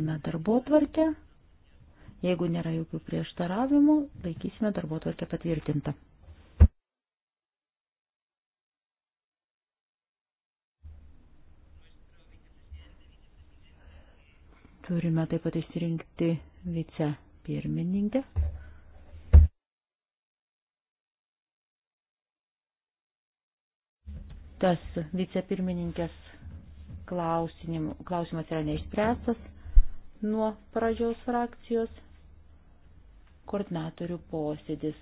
Turime darbo tvarkę. Jeigu nėra jokių prieštaravimų, laikysime darbo tvarkę patvirtintą. Turime taip pat išsirinkti vice pirmininkę. Tas vicepirmininkės klausimas yra neišspręstas nuo pradžios frakcijos koordinatorių posėdis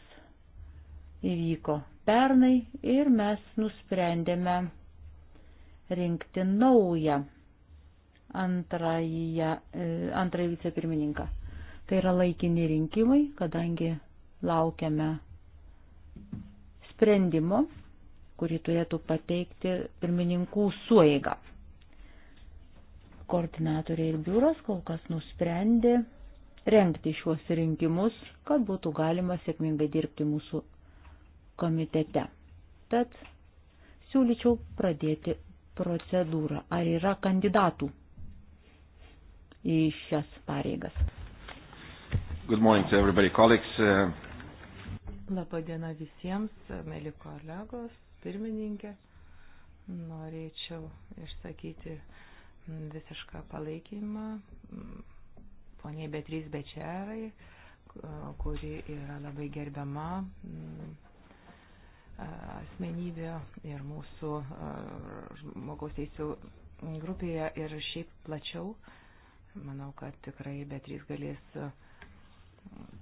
įvyko pernai ir mes nusprendėme rinkti naują antrąjį, e, antrąjį vicepirmininką. Tai yra laikini rinkimai, kadangi laukiame sprendimo, kurį turėtų pateikti pirmininkų suėga. Koordinatoriai ir biuras kol kas nusprendė rengti šiuos rinkimus, kad būtų galima sėkmingai dirbti mūsų komitete. Tad siūlyčiau pradėti procedūrą. Ar yra kandidatų į šias pareigas? Good morning to everybody, colleagues. Uh, Labadiena visiems, mėly kolegos, pirmininkė. Norėčiau išsakyti uh, visišką palaikymą poniai Betrys Bečerai, kuri yra labai gerbiama mm, asmenybė ir mūsų žmogaus teisų grupėje ir šiaip plačiau. Manau, kad tikrai Betrys galės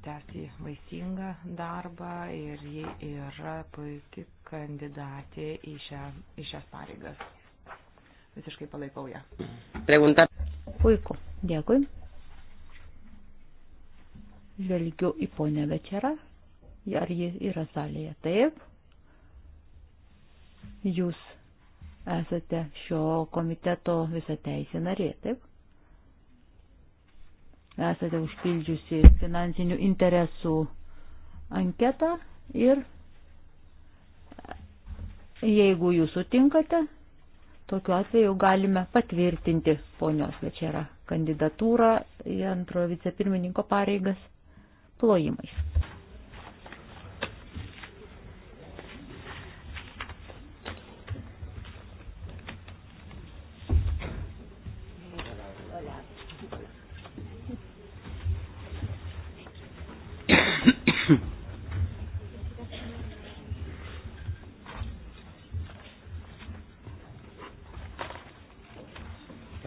tęsti vaisingą darbą ir ji yra puikiai kandidatė į, šią, į šias pareigas visiškai palaikau ją. Pregunta. Puiku, dėkui. Žvelgiu į ponę večerą. Ar ji yra salėje? Taip. Jūs esate šio komiteto visą teisę narė, taip? Esate užpildžiusi finansinių interesų anketą ir jeigu jūs sutinkate, Tokiu atveju galime patvirtinti ponios Večera kandidatūrą į antrojo vicepirmininko pareigas plojimais.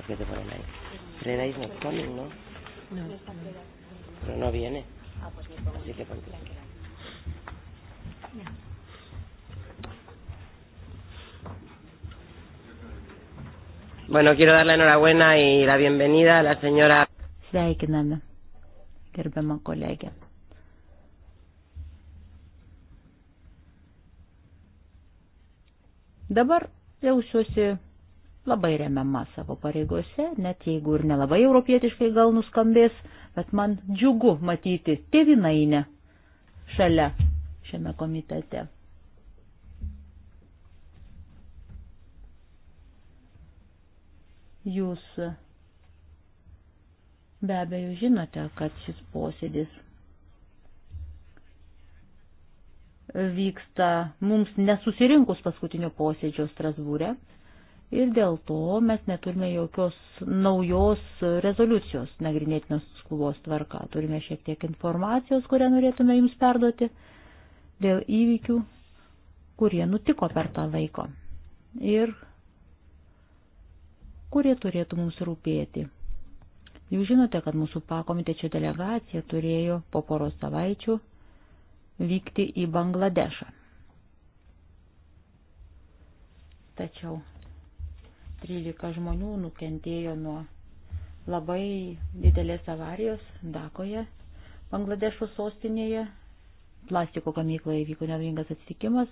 ¿Qué te ponen ahí? ¿Frenáis no ponen, no? No. Pero no viene. Ah, pues Así que ponte. Bueno, quiero dar la enhorabuena y la bienvenida a la señora. Sveikiname, gerbiama kolegė. Dabar jausiuosi labai remiama savo pareigose, net jeigu ir nelabai europietiškai gal nuskambės, bet man džiugu matyti tėvinainę šalia šiame komitete. Jūs be abejo žinote, kad šis posėdis vyksta mums nesusirinkus paskutinio posėdžio Strasbūre. E ir dėl to mes neturime jokios naujos rezoliucijos nagrinėtinos skubos tvarka. Turime šiek tiek informacijos, kurią norėtume jums perduoti dėl įvykių, kurie nutiko per tą laiką ir kurie turėtų mums rūpėti. Jūs žinote, kad mūsų pakomitečio delegacija turėjo po poros savaičių vykti į Bangladešą. Tačiau 13 žmonių nukentėjo nuo labai didelės avarijos Dakoje, Bangladešo sostinėje. Plastiko gamykloje įvyko nelaimingas atsitikimas,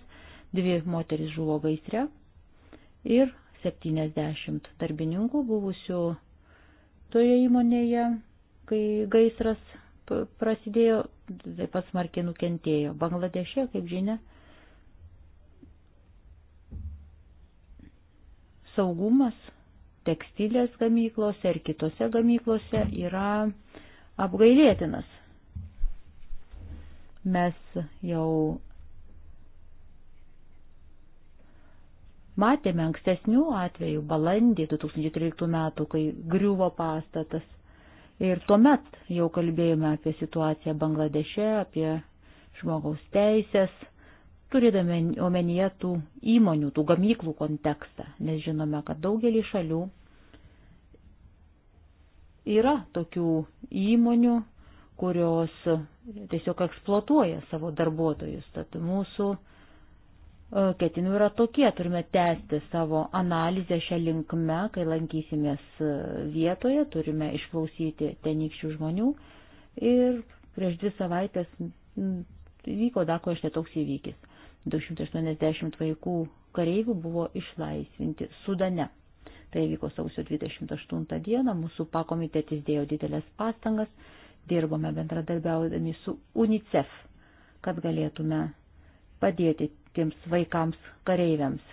dvi moteris žuvo gaisre ir 70 darbininkų buvusių toje įmonėje, kai gaisras prasidėjo, taip pat smarkiai nukentėjo. Bangladešė, kaip žinia, saugumas tekstilės gamyklose ir kitose gamyklose yra apgailėtinas. Mes jau matėme ankstesnių atvejų balandį 2013 metų, kai griuvo pastatas. Ir tuomet jau kalbėjome apie situaciją Bangladeše, apie žmogaus teisės turėdami omenyje tų įmonių, tų gamyklų kontekstą, nes žinome, kad daugelį šalių yra tokių įmonių, kurios tiesiog eksploatuoja savo darbuotojus. Tad mūsų e, ketinimai yra tokie, turime tęsti savo analizę šią linkmę, kai lankysimės e, vietoje, turime išklausyti tenykščių žmonių ir prieš dvi savaitės vyko Dakoje štai toks įvykis. 280 vaikų kareivių buvo išlaisvinti Sudane. Tai vyko sausio 28 dieną, mūsų pakomitetis dėjo didelės pastangas, dirbome bendradarbiaudami su UNICEF, kad galėtume padėti tiems vaikams kareiviams.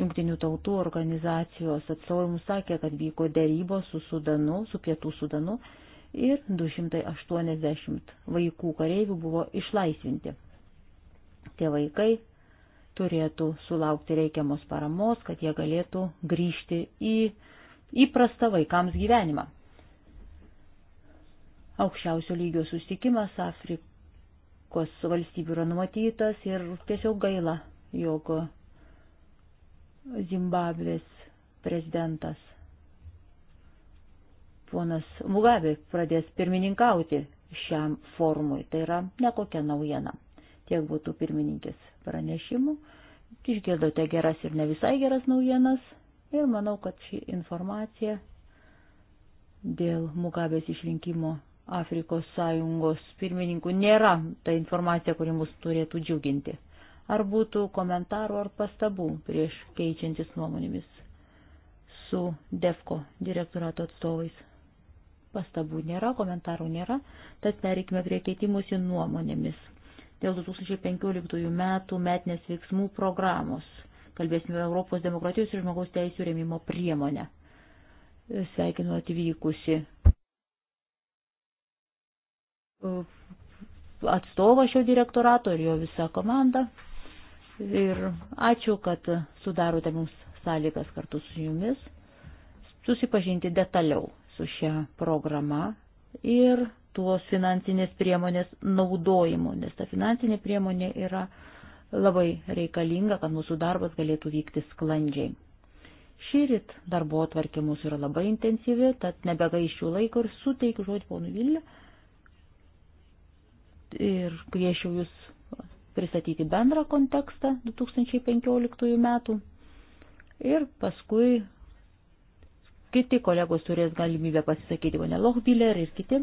Jungtinių tautų organizacijos atstovai mums sakė, kad vyko dėrybos su Sudanu, su Pietų Sudanu ir 280 vaikų kareivių buvo išlaisvinti tie vaikai turėtų sulaukti reikiamos paramos, kad jie galėtų grįžti į įprastą vaikams gyvenimą. Aukščiausio lygio susitikimas Afrikos valstybių yra numatytas ir tiesiog gaila, jog Zimbabvės prezidentas ponas Mugabe pradės pirmininkauti šiam formui. Tai yra nekokia naujiena. Tiek būtų pirmininkės pranešimų. Išgirdote geras ir ne visai geras naujienas. Ir manau, kad ši informacija dėl Mugabės išrinkimo Afrikos sąjungos pirmininkų nėra ta informacija, kuri mus turėtų džiuginti. Ar būtų komentarų ar pastabų prieš keičiantis nuomonėmis su DEFCO direktorato atstovais? Pastabų nėra, komentarų nėra, tad perikime prie keitimusi nuomonėmis dėl 2015 metų metinės veiksmų programos. Kalbėsime Europos demokratijos ir žmogaus teisų rėmimo priemonę. Sveikinu atvykusi atstovą šio direktorato ir jo visą komandą. Ir ačiū, kad sudarote mums sąlygas kartu su jumis susipažinti detaliau su šia programa ir tuos finansinės priemonės naudojimu, nes ta finansinė priemonė yra labai reikalinga, kad mūsų darbas galėtų vykti sklandžiai. Šįryt darbo atvarkė mūsų yra labai intensyvi, tad nebegaiščiau laiko ir suteikiu žodį ponui Vilniui. Ir kviešiu jūs pristatyti bendrą kontekstą 2015 metų. Ir paskui kiti kolegos turės galimybę pasisakyti, ponė Lochbiller ir kiti.